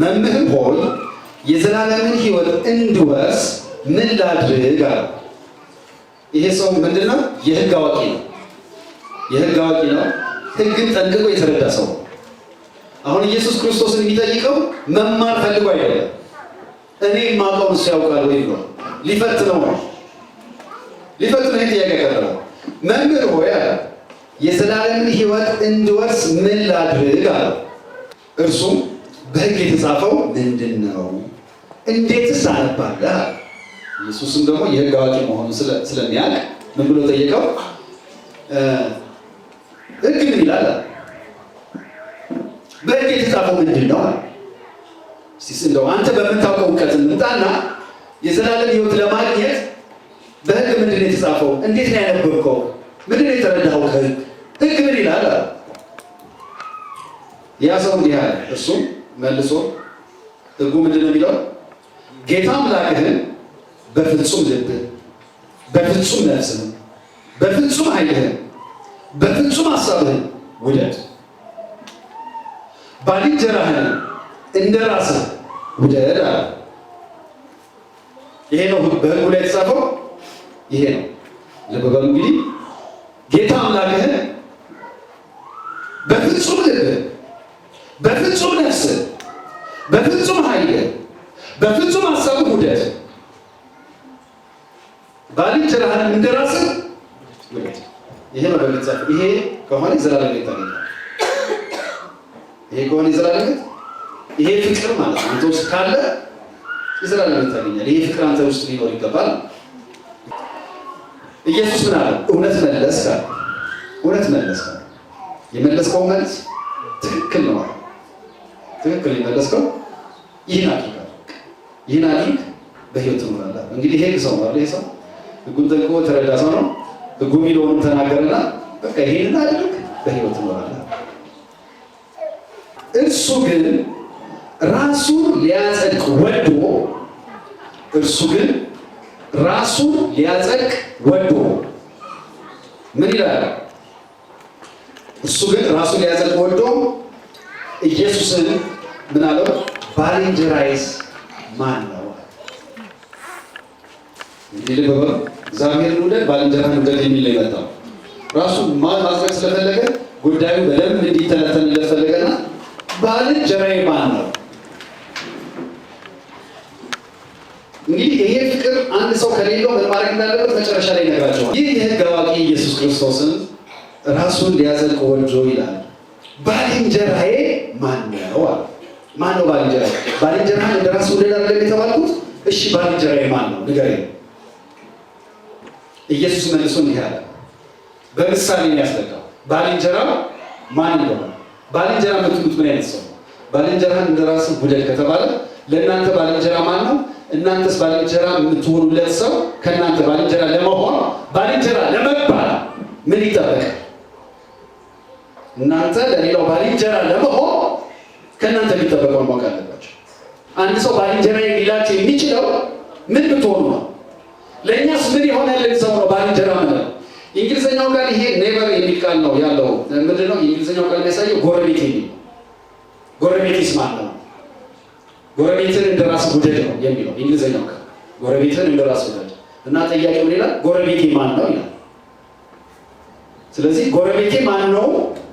መምህር ሆይ የዘላለምን ሕይወት እንድወርስ ምን ላድርግ አለው። ይሄ ሰው ምንድን ነው? የህግ አዋቂ ነው። የህግ አዋቂ ነው። ህግን ጠንቅቆ የተረዳ ሰው። አሁን ኢየሱስ ክርስቶስን የሚጠይቀው መማር ፈልጎ አይደለም። እኔ የማውቀው እሱ ያውቃል ወይ ነው። ሊፈትነው ነው። ሊፈትነው ይህ ጥያቄ ያቀረበው መምህር ሆይ አለ የዘላለምን ሕይወት እንድወርስ ምን ላድርግ አለው። እርሱም በህግ የተጻፈው ምንድን ነው? እንዴትስ አነባለህ? ኢየሱስም ደግሞ የህግ አዋቂ መሆኑ ስለሚያውቅ ምን ብሎ ጠየቀው? ህግ ምን ይላል? በህግ የተጻፈው ምንድን ነው? እንደው አንተ በምታውቀው እውቀት ምጣና የዘላለም ህይወት ለማግኘት በህግ ምንድን ነው የተጻፈው? እንዴት ነው ያነበብከው? ምንድን ነው የተረዳኸው? ከሕግ ምን ይላል? ያ ሰው እንዲህ አለ እሱም መልሶ ህጉ ምንድን ነው የሚለው? ጌታ አምላክህን በፍጹም ልብ በፍጹም ነፍስህ፣ በፍጹም ኃይልህን፣ በፍጹም ሀሳብህን ውደድ። ባልንጀራህን እንደ ራስህ ውደድ አለ። ይሄ ነው በህጉ ላይ የተጻፈው። ይሄ ነው ልብ በሉ እንግዲህ ጌታ አምላክህን በፍጹም በፍጹም ነፍስ፣ በፍጹም ኃይል፣ በፍጹም ሀሳብ ውደድ ባልንጀራህን እንደ ራስህ ይሄ ነው በሚጻፍ ይሄ ከሆነ ዘላለም ቤት ይሄ ከሆነ ዘላለም ይሄ ፍቅር ማለት አንተ ውስጥ ካለ ዘላለም ቤት ይሄ ፍቅር አንተ ውስጥ ሊኖር ይገባል። ኢየሱስ ምን አለ? እውነት መለስ ካለ እውነት መለስ ካለ የመለስከው መልስ ትክክል ነው። ትክክል የመለስከው ይህን አድርግ ይህን አድርግ በህይወት ትኖራለህ። እንግዲህ ይሄ ሰው ነው ይሄ ሰው ህጉን ጠንቅቆ ተረዳ ሰው ነው። ህጉ የሚለውንም ተናገረና በቃ ይህንን አድርግ በህይወት ትኖራለህ። እርሱ ግን ራሱን ሊያጸድቅ ወዶ እርሱ ግን ራሱን ሊያጸድቅ ወዶ ምን ይላል? እርሱ ግን ራሱን ሊያጸድቅ ወዶ ኢየሱስን ምን አለው? ባልንጀራዬስ ማን ነው? እንግዲህ በበ እግዚአብሔርን ውደድ ባልንጀራህን ውደድ የሚል ላይ መጣው። ራሱ ማድረግ ስለፈለገ ጉዳዩ በደንብ እንዲተነተንለት ፈለገና ባልንጀራዬ ማን ነው? እንግዲህ ይሄ ፍቅር አንድ ሰው ከሌለው ምን ማድረግ እንዳለበት መጨረሻ ላይ ይነግራቸዋል። ይህ የህግ አዋቂ ኢየሱስ ክርስቶስን ራሱን ሊያዘልቅ ወልጆ ይላል። ባልንጀራዬ ማን ነው አለ ማን ነው ባልንጀራ? ባልንጀራ እንደ ወደ ወደድ አይደለም የተባልኩት? እሺ ባልንጀራ ማን ነው ንገሪ። ኢየሱስ መልሶ እንዲህ አለ፣ በምሳሌ ነው ያስረዳው። ባልንጀራ ማን ነው? ባልንጀራ የምትሉት ምን አይነት ሰው ነው? ባልንጀራ እንደ ራስ ውደድ ከተባለ ለእናንተ ባልንጀራ ማን ነው? እናንተስ ባልንጀራ የምትሆኑለት ሰው ከእናንተ ባልንጀራ ለመሆን ባልንጀራ ለመባል ምን ይጠበቃል? እናንተ ለሌላው ባልንጀራ ለመሆን ከእናንተ የሚጠበቀውን ማወቅ አለባቸው። አንድ ሰው ባልንጀራ የሚላቸው የሚችለው ምን ብትሆኑ ነው? ለእኛስ ምን የሆነልን ሰው ነው ባልንጀራ ምንለው? የእንግሊዝኛው ቃል ይሄ ኔበር የሚል ቃል ነው ያለው። ምንድን ነው የእንግሊዝኛው ቃል የሚያሳየው? ጎረቤት የሚል ጎረቤት ይስማል ነው። ጎረቤትን እንደ ራስ ውደድ ነው የሚለው እንግሊዝኛው ቃል ጎረቤትን እንደ ራስ ውደድ እና ጠያቄው ሌላ ጎረቤቴ ማን ነው ይላል። ስለዚህ ጎረቤቴ ማን ነው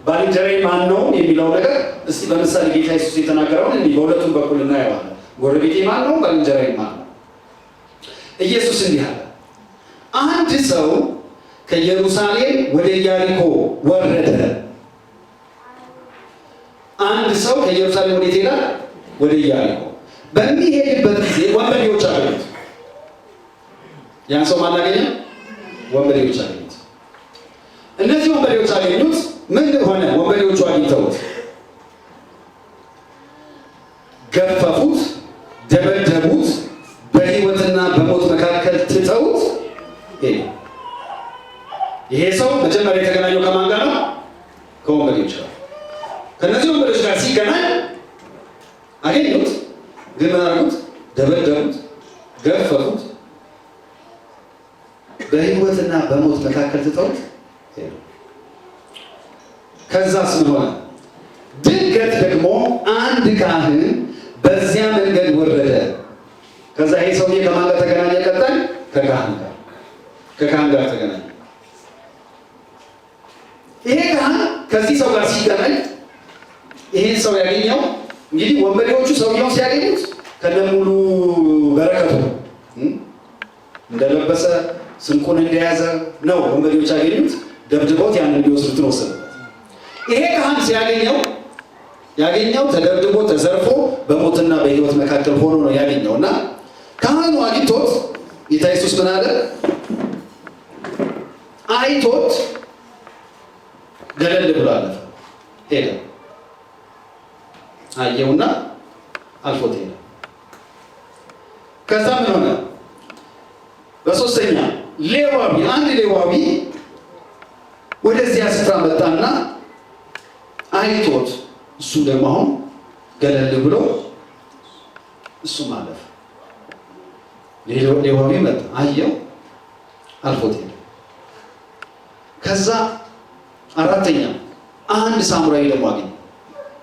ባልንጀራዬ ማን ነው የሚለው ነገር እስቲ በምሳሌ ጌታ ኢየሱስ የተናገረውን እንዲህ በሁለቱም በኩል እናየዋለን። ጎረቤቴ ማን ነው? ባልንጀራዬ ማን ነው? ኢየሱስ እንዲህ አለ፣ አንድ ሰው ከኢየሩሳሌም ወደ ኢያሪኮ ወረደ። አንድ ሰው ከኢየሩሳሌም ወደ ይላል? ወደ ኢያሪኮ በሚሄድበት ጊዜ ወንበዴዎች አገኙት። ያን ሰው ማናገኘ ወንበዴዎች አገኙት። እነዚህ ወንበዴዎች አገኙ 抓紧走 ከማን ጋር ተገናኘ? ቀጣይ ከካህን ጋር ከካህን ጋር ተገናኘ። ይሄ ካህን ከዚህ ሰው ጋር ሲገናኝ ይሄን ሰው ያገኘው እንግዲህ ወንበዴዎቹ ሰውየውን ሲያገኙት ከነሙሉ በረከቱ እንደለበሰ ስንቁን እንደያዘ ነው ወንበዴዎች ያገኙት። ደብድቦት ያን እንዲወስዱትን ወሰዱበት። ይሄ ካህን ሲያገኘው ያገኘው ተደብድቦ ተዘርፎ በሞትና በሕይወት መካከል ሆኖ ነው ያገኘው እና ካህኑ አግኝቶት ጌታ ኢየሱስ ምን አለ? አይቶት ገለል ብሎ አለፈ፣ ሄደ። አየውና አልፎት ሄደ። ከዛ ምን ሆነ? በሶስተኛ ሌዋዊ አንድ ሌዋዊ ወደዚያ ስፍራ መጣና አይቶት እሱ ደግሞ አሁን ገለል ብሎ እሱ ማለፍ ሌዋዊ መጣ፣ አየው፣ አልፎት ሄደ። ከዛ አራተኛ አንድ ሳሙራዊ ደግሞ አገኘ።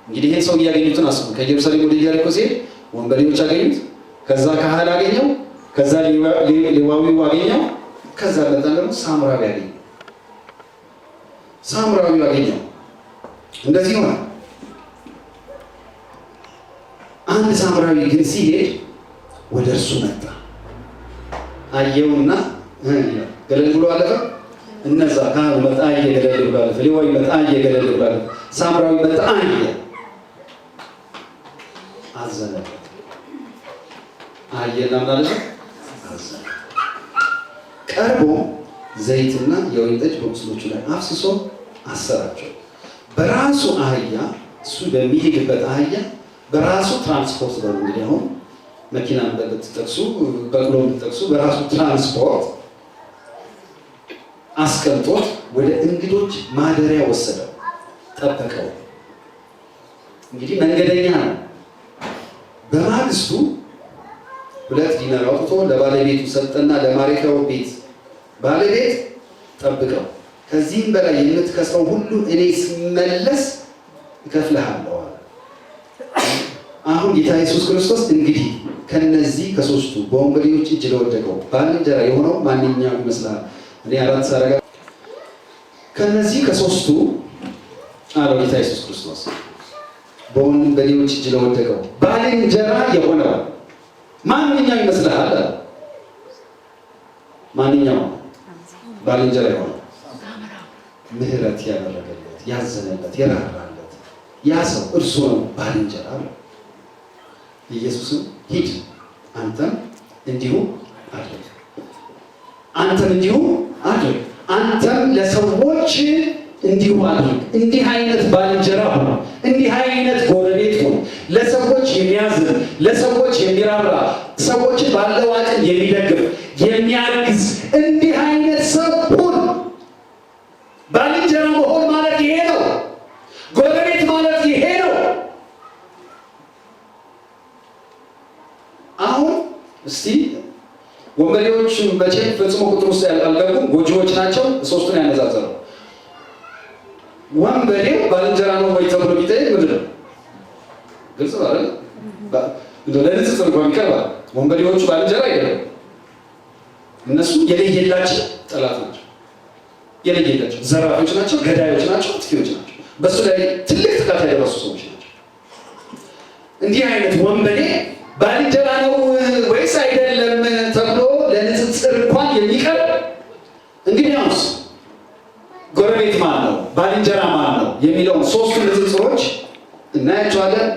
እንግዲህ ይህን ሰው እያገኙትን አስቡ። ከኢየሩሳሌም ወደ ኢያሪኮ ሲሄድ ወንበዴዎች አገኙት፣ ከዛ ካህል አገኘው፣ ከዛ ሌዋዊው አገኘው፣ ከዛ ለጠን ደግሞ ሳሙራዊ አገኘው። ሳሙራዊ አገኘው። እንደዚህ ሆነ። አንድ ሳምራዊ ግን ሲሄድ ወደ እርሱ መጣ። አየውና ገለል ብሎ አለፈ። እነዛ ካህኑ መጥአየ ገለል ብሎ አለፈ። ሌዋዊ መጥአየ ገለል ብሎ አለፈ። ሳምራዊ መጥአየ አዘነበት። አየና ምናለች አዘነ። ቀርቦ ዘይትና የወይን ጠጅ በቁስሎቹ ላይ አፍስሶ አሰራቸው። በራሱ አህያ እሱ በሚሄድበት አህያ በራሱ ትራንስፖርት በሉ እንግዲህ አሁን መኪና ብትጠቅሱ በቅሎ ብትጠቅሱ በራሱ ትራንስፖርት አስቀምጦት ወደ እንግዶች ማደሪያ ወሰደው፣ ጠበቀው። እንግዲህ መንገደኛ ነው። በማግስቱ ሁለት ዲናር አውጥቶ ለባለቤቱ ሰጠና ለማረፊያው ቤት ባለቤት ጠብቀው፣ ከዚህም በላይ የምትከስረው ሁሉ እኔ ስመለስ እከፍልሃለሁ አሁን ጌታ ኢየሱስ ክርስቶስ እንግዲህ ከነዚህ ከሶስቱ በወንበዴዎች እጅ ለወደቀው ባልንጀራ የሆነው ማንኛውም ይመስላል? እኔ አራት ሳረጋ ከነዚህ ከሶስቱ አለው ጌታ ኢየሱስ ክርስቶስ። በወንበዴዎች እጅ ለወደቀው ባልንጀራ የሆነው ማንኛው ይመስልሃል? ማንኛው ባልንጀራ የሆነው ምህረት ያደረገለት ያዘነለት፣ የራራለት ያ ሰው እርሱ ነው ባልንጀራ። ኢየሱስም ሂድ አንተም እንዲሁ አድርግ፣ አንተም እንዲሁ አድርግ፣ አንተም ለሰዎች እንዲሁ አድርግ። እንዲህ አይነት ባልንጀራ ሁን፣ እንዲህ አይነት ጎረቤት ሁን። ለሰዎች የሚያዝን፣ ለሰዎች የሚራራ፣ ሰዎችን ባለው አቅም የሚደግፍ የሚያግዝ እንዲህ እስቲ ወንበዴዎች መቼም ፈጽሞ ቁጥር ውስጥ አልገቡም፣ ጎጂዎች ናቸው። ሶስቱን ያነጻጸረው ወንበዴው ባልንጀራ ነው ወይ ተብሎ ቢጠየቅ ምንድን ነው? ግልጽ ነው አይደል? ለንጽጽር እንኳን ይቀርባል። ወንበዴዎቹ ባልንጀራ አይደለም፣ እነሱ የለየላቸው ጠላት ናቸው። የለየላቸው ዘራፊዎች ናቸው፣ ገዳዮች ናቸው፣ አጥፊዎች ናቸው። በእሱ ላይ ትልቅ ጥቃት ያደረሱ ሰዎች ናቸው። እንዲህ አይነት ወንበዴ ባልንጀራ ነው ወይስ አይደለም ተብሎ ለንጽጽር እንኳን የሚቀርብ እንግዲያውስ ጎረቤት ማን ነው፣ ባልንጀራ ማን ነው የሚለውን ሶስቱ ንጽጽሮች እናያቸዋለን።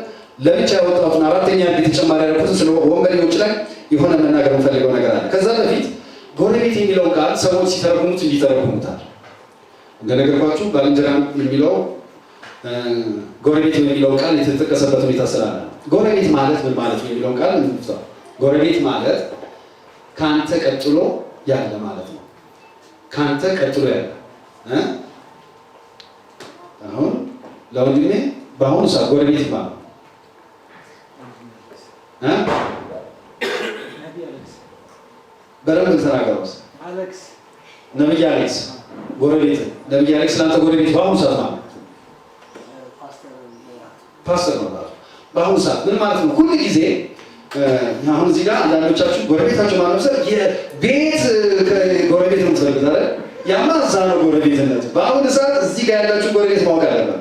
ለብቻ ያወጣሁትን አራተኛ ግ ተጨማሪ ስለ ወንበዴዎች ላይ የሆነ መናገር የምፈልገው ነገር አለ። ከዛ በፊት ጎረቤት የሚለው ቃል ሰዎች ሲተረጉሙት እንዲተረጉሙታል። እንደነገርኳችሁ ባልንጀራ የሚለው ጎረቤት የሚለው ቃል የተጠቀሰበት ሁኔታ ስላለ ጎረቤት ማለት ምን ማለት ነው የሚለውን ቃል እንፍሰው። ጎረቤት ማለት ከአንተ ቀጥሎ ያለ ማለት ነው። ከአንተ ቀጥሎ ያለ አሁን ለወንድሜ በአሁኑ ሰዓት ጎረቤት ይባላል። በደንብ እንትን አገሮስ ነብይ አሌክስ ጎረቤት ነብይ አሌክስ ለአንተ ጎረቤት በአሁኑ ሰዓት ማለት ፓስተር ነው ማለት በአሁኑ ሰዓት ምን ማለት ነው? ሁሉ ጊዜ አሁን እዚህ ጋር አንዳንዶቻችሁ ጎረቤታችሁ ማለብሰብ የቤት ጎረቤት ነው ትፈልግ አለ ነው ጎረቤትነት። በአሁኑ ሰዓት እዚህ ጋር ያላችሁ ጎረቤት ማወቅ አለበት።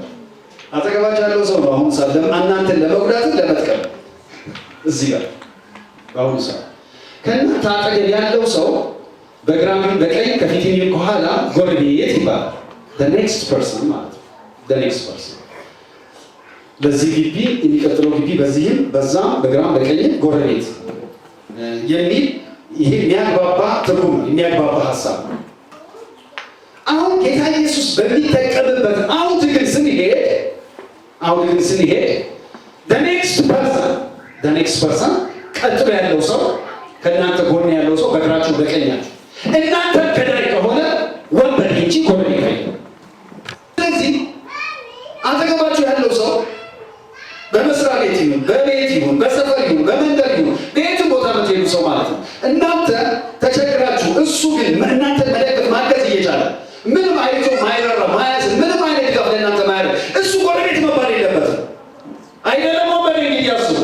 አጠገባችሁ ያለው ሰው ነው ሰዓት እናንተን ለመጉዳትን ለመጥቀም እዚህ ጋር በአሁኑ ሰዓት ከእናንተ አጠገብ ያለው ሰው በግራም በቀኝ ከፊት ከኋላ ጎረቤት ይባላል። ኔክስት ፐርሰን ማለት ነው። ኔክስት ፐርሰን በዚህ ግቢ የሚቀጥለው ግቢ በዚህም በዛም በግራም በቀኝም ጎረቤት የሚል ይሄ የሚያግባባ ትርጉም የሚያግባባ ሀሳብ አሁን ጌታ ኢየሱስ በሚጠቀምበት አሁን ግን ስንሄድ አሁን ግን ስንሄድ ኔክስት ፐርሰን ኔክስት ፐርሰን ቀጥሎ ያለው ሰው ከእናንተ ጎን ያለው ሰው በግራችሁ በቀኛችሁ እናንተ ገዳይ ከሆነ ወንበር እንጂ ጎረቤት በመስሪያ ቤት ይሁን በቤት ይሁን በሰፈር ይሁን በመንደር ይሁን በየትም ቦታ የምትሄዱ ሰው ማለት ነው። እናንተ ተቸግራችሁ፣ እሱ ግን እናንተ መደገፍ ማገዝ እየቻለ ምንም አይቶ ማይረራ ማያዝ ምንም አይነት ድጋፍ ለእናንተ ማያደርግ እሱ ጎረቤት መባል የለበትም። አይደለም ወንበር እያስቡ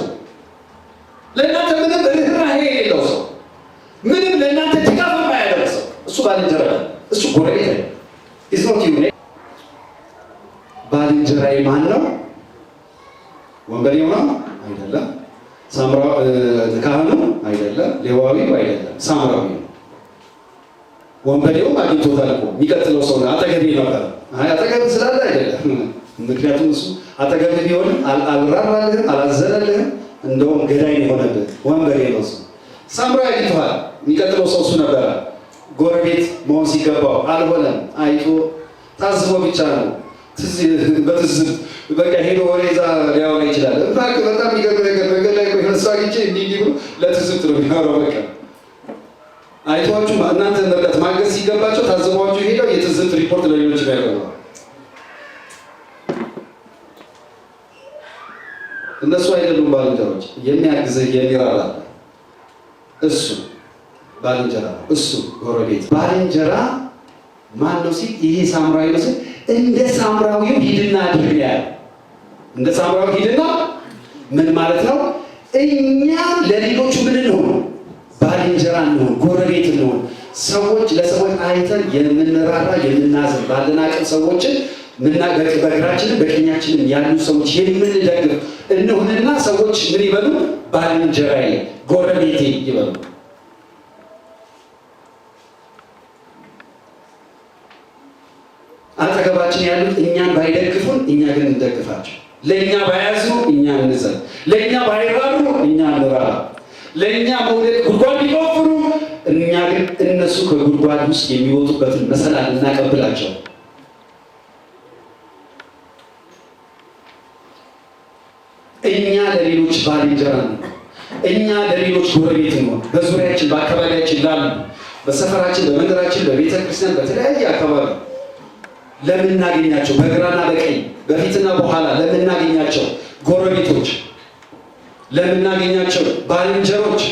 ለእናንተ ምንም ርኅራሄ የሌለው ሰው ምንም ለእናንተ ድጋፍ የማያደርግ ሰው እሱ ባልንጀራ፣ እሱ ጎረቤት ነው። ባልንጀራዬ ማን ነው? ወንበዴው ነው አይደለም፣ ካህኑ አይደለም፣ ሌዋዊው አይደለም፣ ሳምራዊ ነው። ወንበዴውም አግኝቶታል ታልቆ የሚቀጥለው ሰው አጠገብ ይኖራል። አይ አጠገብ ስላለ አይደለም። ምክንያቱም እሱ አጠገብ ቢሆንም አልራራልህም፣ አላዘነልህም። እንደውም ገዳይ የሆነብህ ወንበዴ ነው እሱ። ሳምራዊ አግኝቶሃል። የሚቀጥለው ሰው እሱ ነበረ። ጎረቤት መሆን ሲገባው አልሆነም። አይቶ ታዝቦ ብቻ ነው በትዝብ በቃ ሄዶ ወደዛ ሊያወራ ይችላል። ኢንፋክት በጣም የሚገርም ነገር መንገድ ላይ የሆነ ሰው አግኝቼ እንዲህ እንዲህ ብሎ ለትዝብት ነው የሚያወራው። በቃ አይቷችሁ እናንተ መርዳት ማገዝ ሲገባቸው ታዝቧችሁ ሄደው የትዝብት ሪፖርት ለሌሎች ያቀርባል። እነሱ አይደሉም ባልንጀሮች። የሚያግዝህ የሚራራ እሱ ባልንጀራ፣ እሱ ጎረቤት። ባልንጀራ ማን ነው ሲል ይሄ ሳምራዊ ምስል እንደ ሳምራዊው ሂድና አድርግ ያለው እንደ ሳምራዊ ሂድና ምን ማለት ነው? እኛ ለሌሎች ምን እንሆን? ባልንጀራ እንሆን፣ ጎረቤት እንሆን። ሰዎች ለሰዎች አይተን የምንራራ የምናዝን፣ ባለን አቅም ሰዎችን በእግራችንም በቀኛችንም ያሉ ሰዎች የምንደግፍ እንሁንና ሰዎች ምን ይበሉ? ባልንጀራዬ፣ ጎረቤቴ ይበሉ። በዙሪያችን ያሉት እኛን ባይደግፉን፣ እኛ ግን እንደግፋቸው። ለእኛ ባያዝኑ፣ እኛ እንዘን። ለእኛ ባይራሩ፣ እኛ እንራራ። ለእኛ መውደድ ጉድጓድ ቢቆፍሩ እኛ ግን እነሱ ከጉድጓድ ውስጥ የሚወጡበትን መሰላል እናቀብላቸው። እኛ ለሌሎች ባልንጀራ ነው። እኛ ለሌሎች ጎረቤት ነው። በዙሪያችን በአካባቢያችን ላሉ በሰፈራችን፣ በመንደራችን፣ በቤተክርስቲያን፣ በተለያየ አካባቢ ለምናገኛቸው በግራና በቀኝ በፊትና በኋላ ለምናገኛቸው ጎረቤቶች፣ ለምናገኛቸው ባልንጀሮች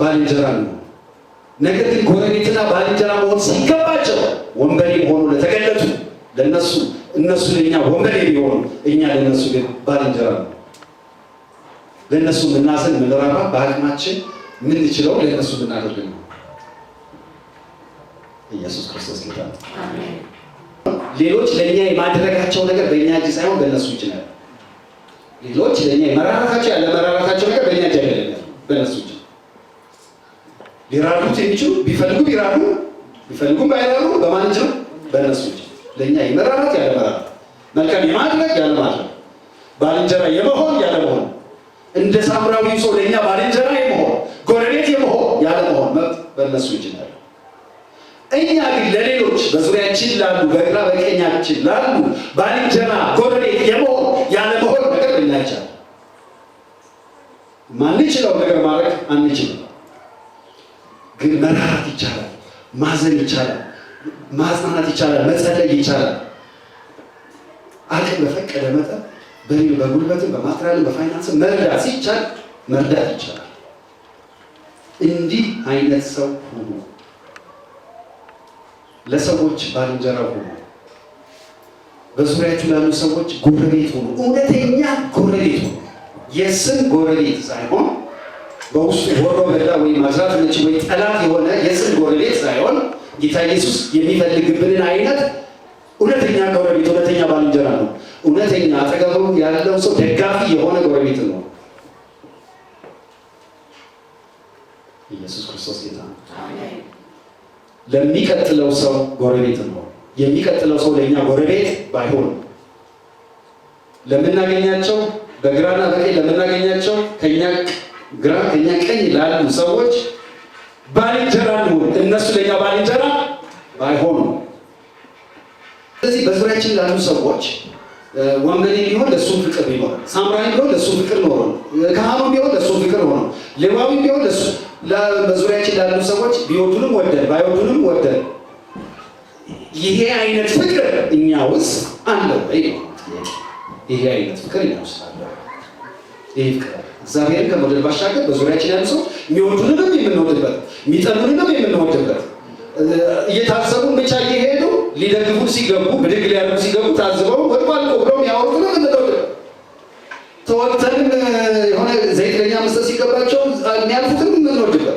ባልንጀራ ነው። ነገር ግን ጎረቤትና ባልንጀራ መሆን ሲገባቸው ወንበዴ ሆኑ ለተገለጡ ለነሱ እነሱ ለእኛ ወንበዴ ቢሆኑ እኛ ለነሱ ግን ባልንጀራ ነው። ለእነሱ ምናዝን ምንራራ በአቅማችን ምንችለው ለነሱ ምናደርግ ነው። ኢየሱስ ክርስቶስ ጌታ ነው። ሌሎች ለእኛ የማድረጋቸው ነገር በእኛ እጅ ሳይሆን በእነሱ እጅ ነው። ሌሎች ለእኛ የመራራታቸው ያለ መራራታቸው ነገር በእኛ እጅ አይደለም፣ በእነሱ እጅ። ሊራዱት የሚችሉ ቢፈልጉ ቢራዱ ቢፈልጉም ባይራሩ በማን እጅ ነው? በእነሱ እጅ። ለእኛ የመራራት ያለ መራራት፣ መልካም የማድረግ ያለ ማድረግ፣ ባልንጀራ የመሆን ያለ መሆን፣ እንደ ሳምራዊ ሰው ለእኛ ባልንጀራ የመሆን ጎረቤት የመሆን ያለ መሆን መብት በእነሱ እጅ ነው። እኛ ግን ለሌሎች በዙሪያችን ላሉ በግራ በቀኛችን ላሉ ባልንጀራ፣ ጎረቤት የመሆን ያለመሆን ነገር ልናይቻል። ማንችለው ነገር ማድረግ አንችልም፣ ግን መራራት ይቻላል፣ ማዘን ይቻላል፣ ማጽናናት ይቻላል፣ መጸለይ ይቻላል። አቅም በፈቀደ መጠን በሌል በጉልበትም በማትሪያልም በፋይናንስም መርዳት ሲቻል መርዳት ይቻላል። እንዲህ አይነት ሰው ሁኑ። ለሰዎች ባልንጀራ ሁኑ። በዙሪያችሁ ላሉ ሰዎች ጎረቤት ሁኑ። እውነተኛ ጎረቤት ሁኑ። የስም ጎረቤት ሳይሆን በውስጡ ወሮ በላ ወይም ማዝራት ነች ወይ ጠላት የሆነ የስም ጎረቤት ሳይሆን ጌታ ኢየሱስ የሚፈልግብንን አይነት እውነተኛ ጎረቤት እውነተኛ ባልንጀራ ነው። እውነተኛ አጠገቡ ያለው ሰው ደጋፊ የሆነ ጎረቤት ነው። ኢየሱስ ክርስቶስ ጌታ ነው። ለሚቀጥለው ሰው ጎረቤት ነው። የሚቀጥለው ሰው ለእኛ ጎረቤት ባይሆን ለምናገኛቸው በግራና በቀኝ ለምናገኛቸው ከኛ ግራ ከኛ ቀኝ ላሉ ሰዎች ባልንጀራ ነው። እነሱ ለኛ ባልንጀራ ባይሆኑ፣ ስለዚህ በዙሪያችን ላሉ ሰዎች ወንበዴ ቢሆን ለሱ ፍቅር ቢኖር፣ ሳምራዊ ቢሆን ለሱ ፍቅር ኖሮ፣ ካህኑ ቢሆን ለሱ ፍቅር ሆኖ፣ ሌዋዊ ቢሆን ለሱ በዙሪያችን ላሉ ሰዎች ቢወዱንም ወደን ባይወዱንም ወደን ይሄ አይነት ፍቅር እኛ ውስጥ አለ ወይ? ይሄ አይነት ፍቅር እኛ ውስጥ አለ። ይሄ ፍቅር እግዚአብሔርን ከመውደድ ባሻገር በዙሪያችን ያሉ ሰው የሚወዱንንም የምንወድበት፣ የሚጠሉንንም የምንወድበት እየታዘቡን ብቻ ሊደግፉ ሲገቡ ብድግ ሊያሉ ሲገቡ ታዝበው ወድቋል ብለው የሚያወሩት ነው። ምንለው ተወቅተንም የሆነ ዘይት ለኛ መስጠት ሲገባቸው የሚያልፉትንም የምንወድበት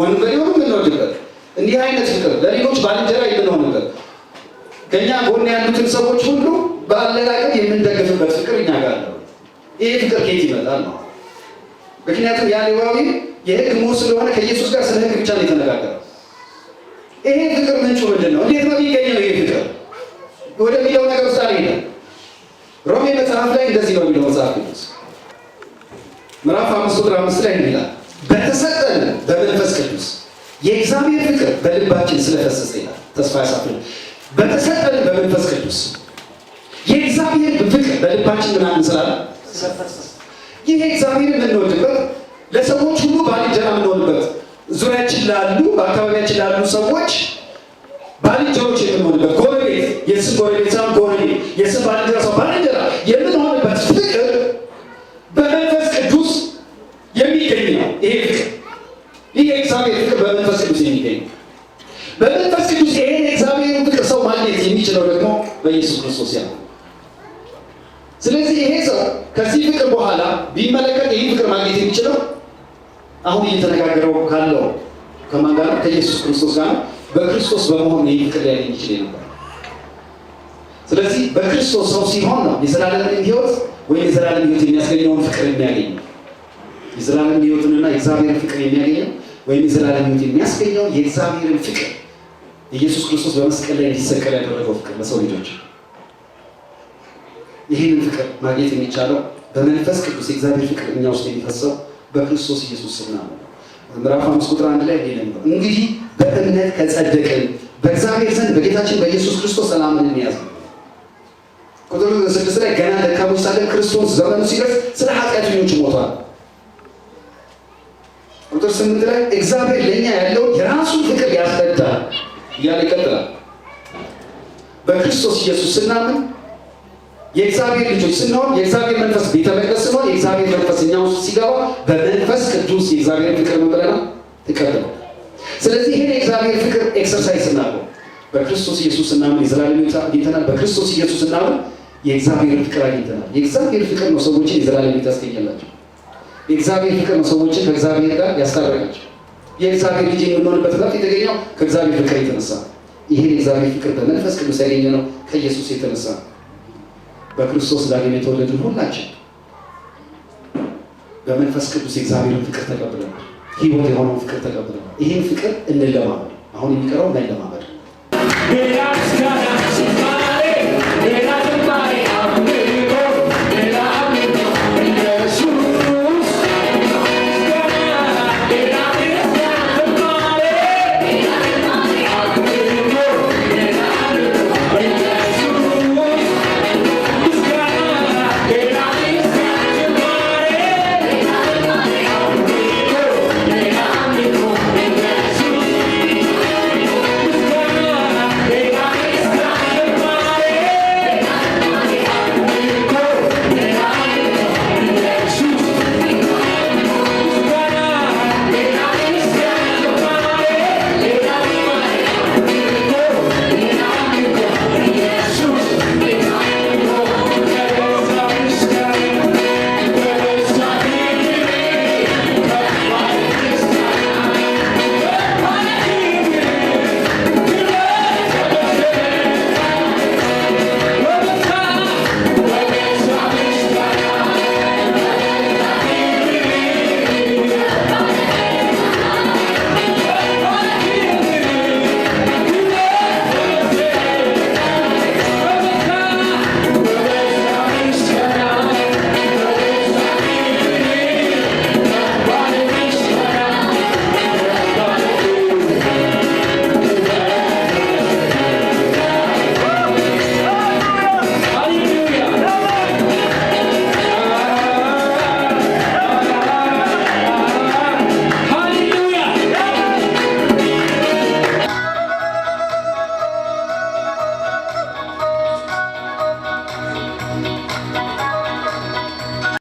ወንበዴውንም የምንወድበት እንዲህ አይነት ፍቅር ለሌሎች ባልንጀራ የምንሆንበት ከእኛ ጎን ያሉትን ሰዎች ሁሉ በአለቃቀም የምንደግፍበት ፍቅር እኛ ጋር ነው። ይሄ ፍቅር ከየት ይመጣል ነው? ምክንያቱም ያ ሌዋዊ የሕግ ምሁር ስለሆነ ከኢየሱስ ጋር ስለ ህግ ብቻ ነው የተነጋገረው። ይሄ ፍቅር ምንጩ ምንድን ነው? እንዴት ነው የሚገኘው ይሄ ፍቅር ወደሚለው ነገር ሳሌ ነው። ሮሜ መጽሐፍ ላይ እንደዚህ ነው የሚለው መጽሐፍ ቅዱስ ምዕራፍ አምስት ቁጥር አምስት ላይ ይላል በተሰጠን በመንፈስ ቅዱስ የእግዚአብሔር ፍቅር በልባችን ስለፈሰሰ ይላል። ተስፋ ያሳፍል በተሰጠን በመንፈስ ቅዱስ የእግዚአብሔር ፍቅር በልባችን ምናምን ስላለ ይሄ እግዚአብሔር የምንወድበት ለሰዎች ሁሉ ባልንጀራ የምንሆንበት ዙሪያችን ላሉ በአካባቢያችን ላሉ ሰዎች ባልንጀሮች የምንሆንበት ጎረቤት፣ የስም ጎረቤትም ጎረቤት፣ የስም ባልንጀራ ሰው ባልንጀራ የምንሆንበት ፍቅር በመንፈስ ቅዱስ የሚገኝ ነው። ይሄ ፍቅር ይህ የእግዚአብሔር ፍቅር በመንፈስ ቅዱስ የሚገኝ በመንፈስ ቅዱስ ይሄን የእግዚአብሔር ፍቅር ሰው ማግኘት የሚችለው ደግሞ በኢየሱስ ክርስቶስ ያ ስለዚህ ይሄ ሰው ከዚህ ፍቅር በኋላ ቢመለከት ይህ ፍቅር ማግኘት የሚችለው አሁን እየተነጋገረው ካለው ከማን ጋር? ከኢየሱስ ክርስቶስ ጋር በክርስቶስ በመሆን የይቅር ሊያገኝ ይችል ነበር። ስለዚህ በክርስቶስ ሰው ሲሆን ነው የዘላለም ህይወት ወይም የዘላለም ህይወት የሚያስገኘውን ፍቅር የሚያገኝ የዘላለም ሕይወትንና የእግዚአብሔርን ፍቅር የሚያገኘው ወይም የዘላለም ህይወት የሚያስገኘው የእግዚአብሔርን ፍቅር ኢየሱስ ክርስቶስ በመስቀል ላይ እንዲሰቀል ያደረገው ፍቅር ለሰው ልጆች። ይህንን ፍቅር ማግኘት የሚቻለው በመንፈስ ቅዱስ የእግዚአብሔር ፍቅር እኛ ውስጥ የሚፈሰው በክርስቶስ ኢየሱስ ስናምን ነው። ምዕራፍ አምስት ቁጥር አንድ ላይ ሄደን ነው እንግዲህ በእምነት ከጸደቅን በእግዚአብሔር ዘንድ በጌታችን በኢየሱስ ክርስቶስ ሰላምን እንያዝ ቁጥር ስድስት ላይ ገና ደካሞች ሳለን ክርስቶስ ዘመኑ ሲደርስ ስለ ኃጢአተኞች ሞቷል። ቁጥር ስምንት ላይ እግዚአብሔር ለእኛ ያለው የራሱ ፍቅር ያስረዳል እያለ ይቀጥላል። በክርስቶስ ኢየሱስ ስናምን የእግዚአብሔር ልጆች ስንሆን የእግዚአብሔር መንፈስ ቤተ መቅደስ ስንሆን የእግዚአብሔር መንፈስ እኛ ውስጥ ሲገባ በመንፈስ ቅዱስ የእግዚአብሔር ፍቅር ብለና መብለና ነው። ስለዚህ ይህን የእግዚአብሔር ፍቅር ኤክሰርሳይዝ እናለው። በክርስቶስ ኢየሱስ እናምን የዘላለም ቤተናል። በክርስቶስ ኢየሱስ እናምን የእግዚአብሔር ፍቅር አግኝተናል። የእግዚአብሔር ፍቅር ነው ሰዎችን የዘላለም ቤት የእግዚአብሔር ፍቅር ነው ሰዎችን ከእግዚአብሔር ጋር ያስታረቃቸው። የእግዚአብሔር ልጅ የምንሆንበት ዛፍ የተገኘው ከእግዚአብሔር ፍቅር የተነሳ ይህን የእግዚአብሔር ፍቅር በመንፈስ ቅዱስ ያገኘ ነው ከኢየሱስ የተነሳ ነው። በክርስቶስ ዳግም የተወለድን ሁላችን በመንፈስ ቅዱስ የእግዚአብሔርን ፍቅር ተቀብለናል። ህይወት የሆነውን ፍቅር ተቀብለናል። ይህን ፍቅር እንለማመድ። አሁን የሚቀረው መለማመድ